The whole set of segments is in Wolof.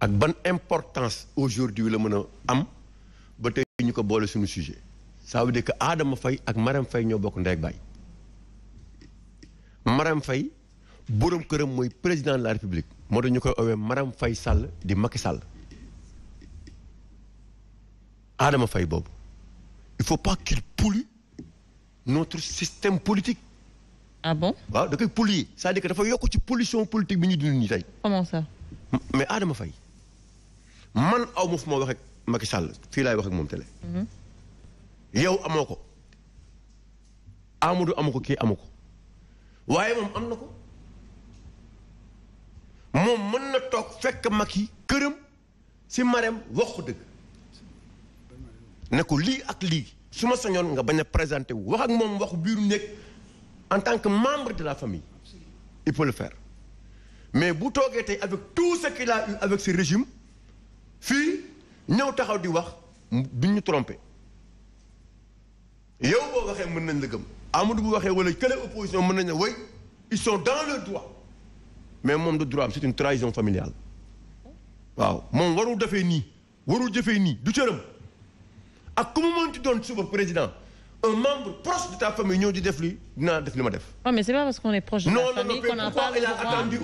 ak ban importance aujourd'hui la mën a am ba tey ñu ko boole suñu sujet ça veut dire que Adama ak Marème fay ñoo bokk ndey ak baay Marème boroom këram mooy président de la république moo tax ñu koy owee Marème fay sàll di Macky sàll Adama Faye boobu il faut pas qu'il pollue notre système politique. ah bon waaw da koy polluer c'est-à-dire dafa yokk ci pollution politique bi ñu dund nii tey. comment ça. mais Adama Faye man aw ma fu ma wax ak Macky fii laay wax moom télé. Mhm. yow amoo ko Amadou amu ko kii amu ko waaye moom am na ko moom mën na toog fekk Macky këram si marem waxu dëgg ne ko lii ak lii su ma sañoon nga bañ a présenté wu wax ak moom waxu biiru nekk en tant que membre de la famille il peut le faire mais bu toogee tey avec tout ce qu'il a avec ce régime fii ñëw taxaw di wax duñ ñu tromper yow boo waxee mën nañ la gëm bu waxee wala kële opposition mën nañ la way ils sont dans le droit mais moom du droit am c'est une trahison familiale waaw moom warul defee nii warul jëfee nii du cëram ak ku mu mënti doon suba président un membre proche de famille ñëw di def li dinaa def li ma def. non de pourquoi il a attendu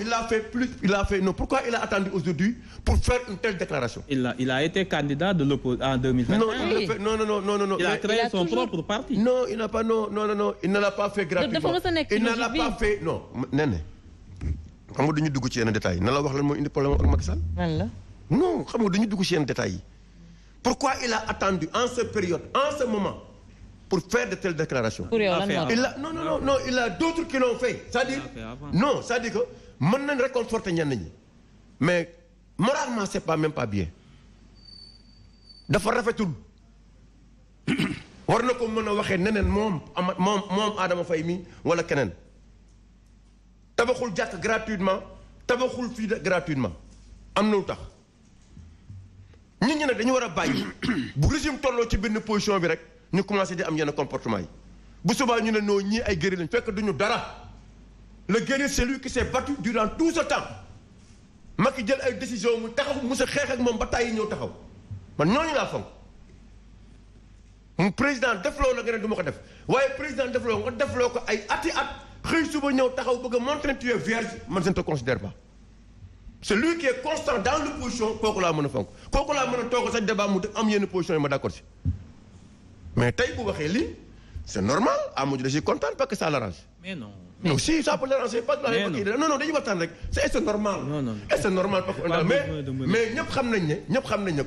il a fait plus il a fait non pourquoi il a attendu aujourd'hui pour faire une telle déclaration. il a été candidat de l'opposition en 2020. non oui. fait, non non non non non. il a créé il a son toujours... propre parti. non il n'a pas non non non il ne l'a pas fait gratuitement. il ne l'a pas fait non. nee na xam nga dañu dugg ci yenn détails na la wax lan moo indi problème ak Macky Sall. non xam nga dañu dugg ci yenn détails yi. pourquoi il a attendu en cette période en ce moment pour faire de telles déclarations. pour yow lan moo il a non non non non il a d'autres qui l'ont c'est-à-dire non c'est-à-dire que mën nañ réconforter ñenn ñi mais moralement c'est pas même pas bien dafa rafetul war na ko mën a waxee neneen moom ama moom moom Adama Faye mi wala keneen tabaxul jàkk gratuitement tabaxul fii gratuitement am na tax. nit ñi nag dañu war a bàyyi bu régime tolloo ci benn position bi rek ñu commencé di am yenn comportement yi bu subaa ñu ne noo ñii ay guerrier lañ fekk duñu dara le guerrier c'est lui qui s'est battu durant tout ce temps ki jël ay décision mu taxaw mu sa xeex ak moom ba tàyyi ñëw taxaw man ñooñu laa fonk mu président defloo la nga ne du ma ko def waaye président defloo nga defloo ko ay ati at xëy suba ñëw taxaw bëgg a montrer tu es vierge man je ne te considère celui qui est constant dans l'opposition kooku laa mën a fonk kooku laa mën a toog sa débat mu am yenn position yi ma d'accord si mais tey bu waxee lii c'est normal Amadou da ciy kontaan parce que ça l'arrange. mais non. non si ça peut l'arranger pas la non non dañuy waxtaan rek c'est c'est normal. non non c'est xam nañ ne ñëpp xam nañ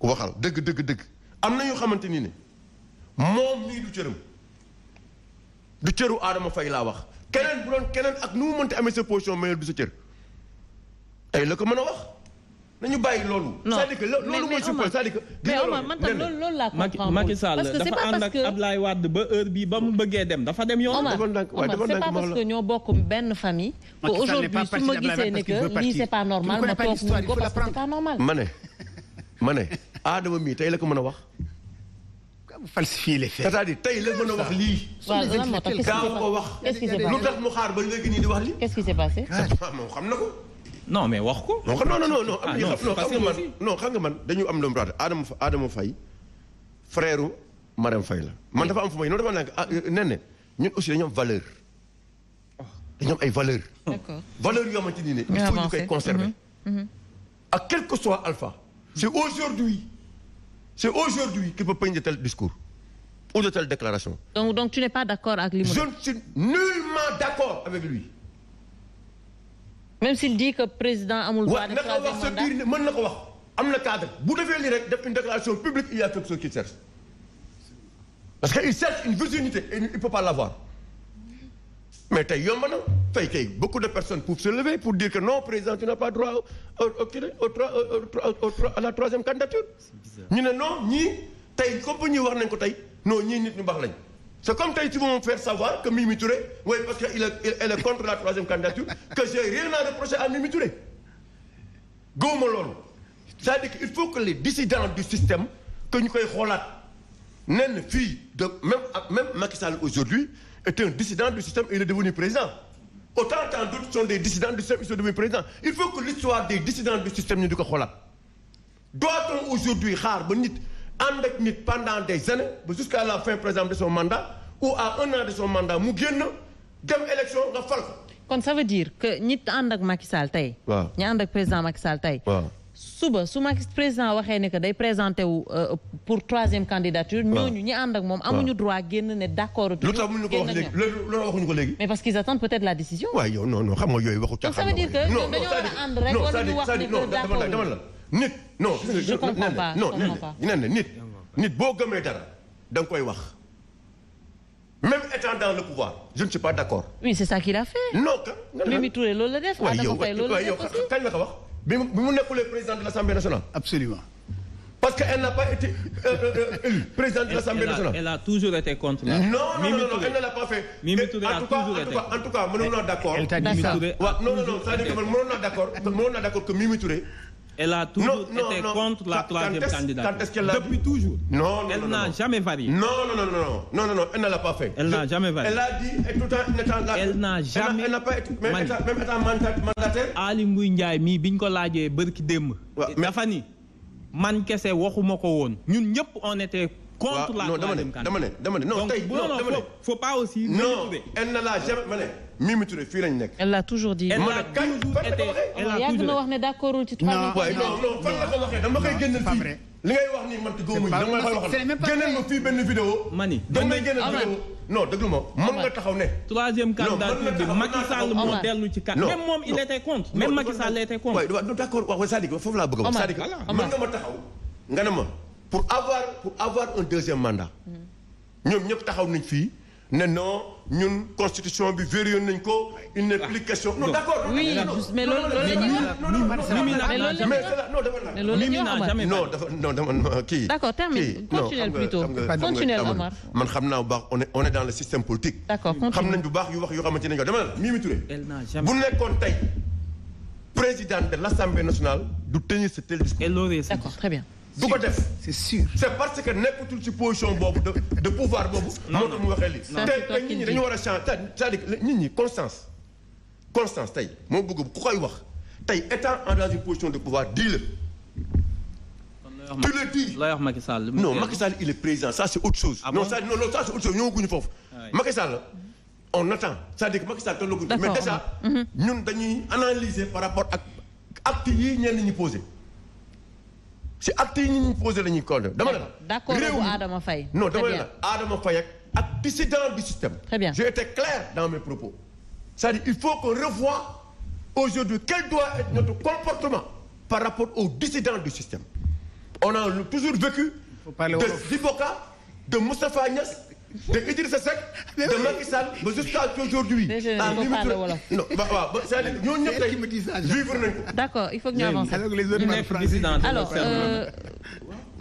waxal dëgg dëgg dëgg am na ñu xamante ni ne moom mii du cëram du cëru Adama Faye laa wax. keneen bu doon keneen ak nu mu mënti amee sa position mayor du sa cër tey la ko mën a wax nañu bàyyi loolu. non c'est-à-dire que loolu mooy suppose c'est-à-dire que. mais Omar man tam loolu loolu laa comprendre Macky Sall dafa ba heure ba mu bëggee dem dafa dem yoon. Omar c'est pas parce que ñoo bokk benn famille. que ma gisee ne que lii c'est pas normal ma toog mu ko parce que c'est pas normal. ma ne ma ne Adama mii tey la ko mën a wax. falsifié les faits. c'est-à-dire tey la mën a wax lii. waaw lan moo tax lu tax mu xaar ba léegi nii di wax lii. xam na ko. non wax ko. non non non ah, non xam nga man dañu am lu mu raadu Adama Adama Faye frère Marème Faye la man dafa am fu may noonu dafa nekk ah euh, nee na ay valeur valeur yoo xamante ni ne. il faut ñu koy conserver. à mhm. mhm. ah, quel que soit alpha. c'est aujourd'hui c'est aujourd'hui qu'il peut prendre de tels discours ou de telles déclarations. donc donc tu n'es pas d'accord avec lui. je ne suis nullement d'accord avec lui. même s'il dit que président amul. droit de naka wax sa biir mën na ko wax am na cadre bu defee lii rek def une déclaration publique il y a quelque chose qu'il cherche parce que il cherche une virginité et il peut pas l'avoir mais tey yomb na. fay kay beaucoup de personnes peuvent se lever pour dire que non président tu n'as pas droit au au à la troisième candidature. ñu ne non ñii tey comme ñii wax nañ ko tey non ñii nit ñu bax lañ. c'est comme tey tu veux me faire savoir que Mimi Touré oui parce que il est elle est contre la troisième candidature que j'ai rien à reprocher à Mimi Touré gawma loolu c'est-à-dire qu'il faut que les dissidents du système que ñu koy xoolaat nen fii de même m Macky Sall aujourd'hui est un dissident du système il président autant tant d'autres sont des dissidents du système du président il faut que l'histoire des dissidents du système ñu di ko xoolaat doit-on aujourd'hui xaar ba nit ànd ak nit pendant des années ba jusqu'à la fin par de son mandat ou à un an de son mandat mu génn dem élection nga fal ko kon ça veut dire que ñi ànd ak Macky Sall tey. waaw ñi ak président Macky Sall tey. waaw suba su Macky président waxee ne que day présenté wu euh, pour troisième candidature. ñooñu ñi ànd ak moom. amuñu droit génn ne d' accord. lu tax mënuñu ko wax léegi lu tax waxuñu ko léegi. mais parce qu' ils attendent peut être la décision. waaye yow non non xam nga yooyu waxu caaxaan. non non c' est à dire non nit. non non nit nit boo gëmee dara da nga koy wax. même étant dans le pouvoir je ne suis pas d' accord. oui c' est ça qu' a fait. non que. loolu la def. waaw yow kañ la ko wax. bi mu bi mu nekkulee président de l' assemblée nationale. absolument. parce que elle n'a pas été euh, euh, euh, élue de l'assemblée nationale. elle a toujours été contre la. non non en tout cas en tout cas mënoon non non non c'est-à-dire que mënoon Elle la troisième n'a jamais varié. Non, non, non, non, elle ne pas fait. Elle n'a jamais varié. Elle a dit, et Elle n'a jamais. Elle n'a pas été, même, étant, même mii bi ko laajee bërki démb. dafa ni man kese waxuma ko woon ñun ñëpp on était. contre la troisième dama ne dama ne pas aussi. non elle ne jamais ma ne. Mimi Touré fii lañ nekk. elle a toujours dit. elle a toujours été elle a toujours yàgg na wax ne d'accordul ci. non non non fan la ko waxee dama koy génneel fii. li ngay wax nii man gëmmuñu dama koy waxal génneel ma fii benn vidéo. mani dama génneel vidéo non déglu ma mën nga taxaw ne. troisième candidature bi Macky Sall moo dellu ci kat. même moom il était contre. même Macky Sall était contre. waay waaw d'accord waaw Sadikh foofu laa bëgg a wax. Sadikh mën nga ma taxaw nga ne ma pour avoir pour avoir un deuxième mandat. Mm. ñoom ñëpp taxaw nañ fii ne non ñun constitution bi vérifié nañ ko il n'est plus question. non d'accord oui mais loolu loolu non non dama kii. d'accord termine continuez plutôt continuez Omar man xam naa bu baax on est on est dans le système politique. d'accord xam nañ bu baax yu wax yoo xamante ne dama la Mimi Touré. bu nekkoon tey président de l'Assemblée nationale du tenir ce tel discours. d'accord très bien. du ko def c'est parce que nekkatul ci position boobu de de pouvoir boobu. moo tax mu waxee lii. te nit dañu war a changer c'est-à-dire nit ñi constance. constance tey moo bëgg ku koy wax tey étant en dans une position de pouvoir dis le. tu le dis looy wax Macky il est président ça c'est autre chose. Ah non ça non loolu ça c'est autre foofu. Macky Sall on attend c'est-à-dire que Macky Sall tollaguñu. mais déjà mm-hmm. ñun dañuy analyser par rapport ak actes yii ñenn ñi posé. si acte yi ñu la ñuy condamné dama ne la. d'accord bu Adama Faye non dama ne la Adama Faye ak ak dissident du système. très bien clair dans mes propos. c'est-à-dire il faut qu'on revoie aujourd'hui quel doit notre comportement par rapport au dissidents du système. on a toujours vécu. de Djibo de Moustapha Niasse. de Idrissa Seck de Macky Sall ba jusqu'à aujourd'hui ah, non waaw c'est-à-dire ñooñu ñëpp tey vivre nañ ko d'accord il faut que ñu avancer alors les autres alors euh,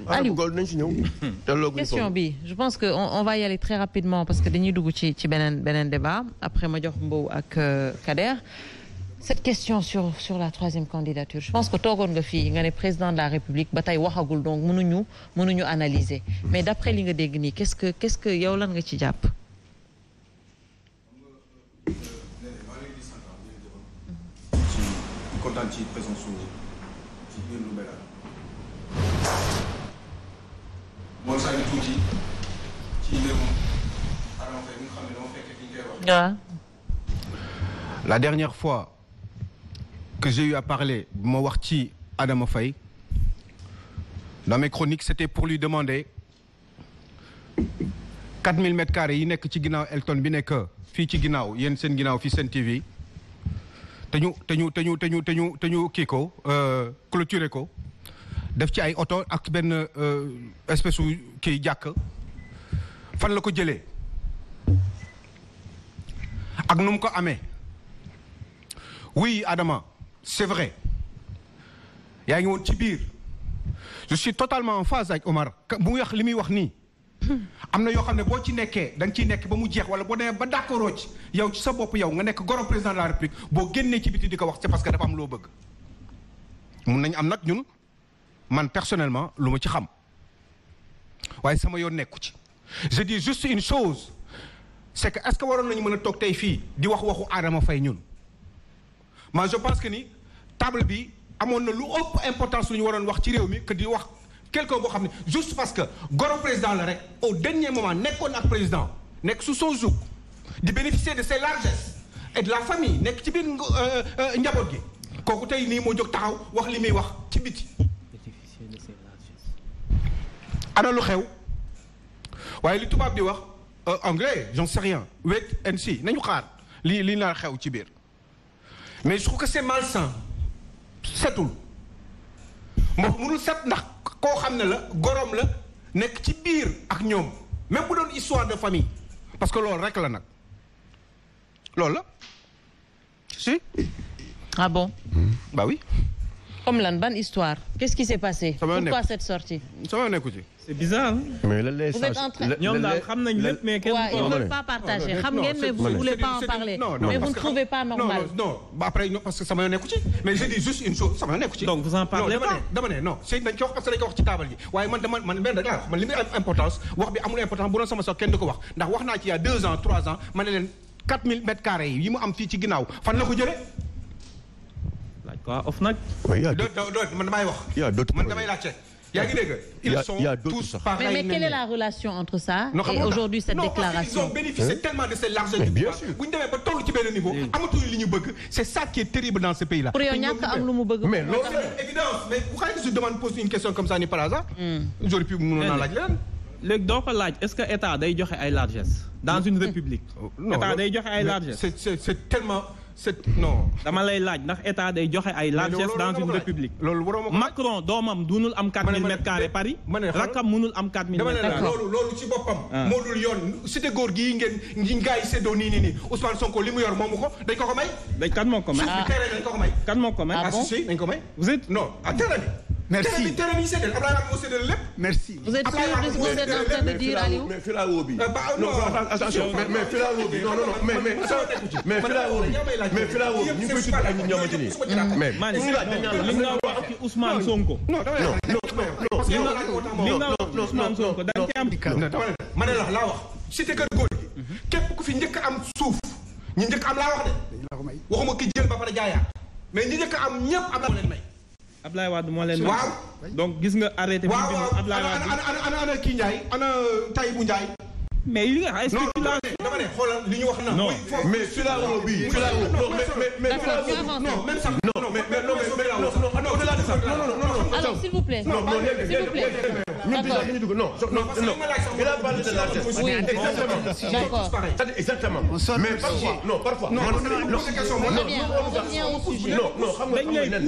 ah, question bi je pense que on, on va y aller très rapidement parce que dañuy dugg ci ci beneen beneen débat après ma jox Mbow ak euh, Kader cette question sur sur la troisième candidature je pense que toogoon nga fii nga ne président de la république ba tey waxagul donc mënuñu mënuñu analyser mais d'après li nga dégg nii qu'est-ce que qu'est-ce que yow lan nga ci jàpp. kontaan fois que j'ai eu à parler ma wax ci Adama Faye dans mes chroniques c'était pour lui demander 4000 mètres yi nekk ci ginnaaw Elton bi nekk fii ci ginnaaw yéen seen ginnaaw fii seen TV te ñu te ñu te ñu te ñu te ñu te ko euh, clôturer ko def ci ay oto ak benn euh, espèce su kii jàkk fan la ko jëlee ak nu ko amee oui Adama c'est vrai yaa ngi woon ci biir je suis totalement en phase ak Omar bu muy li muy wax nii hmm. am na yoo xam ne boo ci nekkee da ciy nekk ba mu jeex wala boo demee ba d'accord ci yow sa bopp yow nga nekk goro président la république boo génnee ci biti di ko wax parce que dafa am loo mun nañ am nag ñun man personnellement lu ma ci xam waaye sama yoon nekku ci je dis juste une chose c'est que est-ce que waroon nañu mën a toog tey fii di wax waxu Adama Faye ñun man je pense que ni table bi amoon na lu ëpp importance lu ñu waroon wax ci réew mi que di wax quelqu'un boo xam ne juste parce que goro président la rek au dernier moment nekkoon ak président nekk su son di bénéficier de ses largesses et de la famille nekk ci biir euh, euh, njaboot gi kooku tey nii moo jóg taxaw wax li muy wax ci biti ana lu xew waaye li tubaab bi wax euh, anglais j'en sais rien wait and nañu xaar li li naa xew ci biir mais je trouve c'est malsain setul mbox mënul set ndax koo xam ne la gorom la nekk ci biir ak ñoom même bu doon histoire de famille parce que loolu rek la nag loolu la si. ah bon. Hmm. comme lan ban histoire. qu'est-ce qui s'est passé. pourquoi cette sortie. sama nekku ci. c'est bizarre. mais lan lay ñoom daal xam nañ lépp mais kenn ils ne veulent pas partager xam ngeen mais vous voulez pas en parler. mais vous ne trouvez pas normal. non non après parce que sama nekku ci mais je dis juste une chose sama nekku ci. donc vous en parlez pas dama ne non c'est dañ ko wax parce que dañ ko wax ci taabal ji waaye man dama man benn rek laa wax man li muy importance wax bi amul importance bu doon sama sox kenn du ko wax ndax wax naa ci il y a deux ans trois ans ma ne leen quatre mille mètres carrés yi mu am fii ci ginnaaw fan la ko jëlee ak a OFNAC. oui yaa man damay wax. yaa dootul man damay laajte. yaa ngi dégg ils sont tous pareils mais la aujourd'hui cette déclaration de cet argent du pouvoir bu ñu demee ba toll ci benn niveau. amatuñu li ñu bëgg c'est ça qui est terrible dans ce pays là. pour yow ñàkk am lu mu bëgg. mais loolu c'est évidence mais bu xaaree je demande pose une question comme ça ni par hasard. Hmm. j'aurais pu mënoon naa laaj leneen. léegi doo ko laaj est-ce c'est non dama lay laaj ndax état day joxe ay largesse dans une république Macron doomam dunul am 4000 mètres carrés Paris rakkam munul am 4000 mètres carrés loolu loolu ci boppam ah. moo dul yoon cité góor gii ngeen ngi ngaay séddoo nii nii nii Ousmane Sonko li mu yor moomu ko dañ ko ko may dañ kan moo ko ko may ah. kan moo ko may ah, ah si ko may vous êtes non ah merci téere bi ñu séddale Ablaye Wade moo séddale lépp. merci vous êtes sûr de dire Aliou. mais filaawo bi. Euh, non attention mais filaawo bi non non mais mais. mais filaawo bi mais filaawo bi ñu ngi koy tudd ak ñi ñamante ni. mais ñu laaj dañ naan li nga wax ci Ousmane Sonko. non non non li nga wax ci Ousmane Sonko dañ ci am. ma ne la laa wax cité kër góor gi. képp ku fi njëkk am suuf ñi njëkk am laa wax de. waxuma ki jël ba pare jaayaat mais ñi njëkk am ñëpp am na leen may. Ablaye Wade moo leen. waaw donc gis nga arrêté. bi mu Ablaye Wade ana ana ana kii Ndiaye ana Taïbu Ndiaye. mais yi nga ay spéculation. dama ne xoolal li ñu wax na. non mais filao bi. filao non mais non même sax. non non mais non mais non au-delà de ça. non non non alors s'il vous plaît. non non s'il vous plaît. ñun déjà ñu dugg non non non. il a parlé de largesse. oui d'accord c'est-à-dire exactement. mais parfois non parfois. non non non non non non non non non non non non non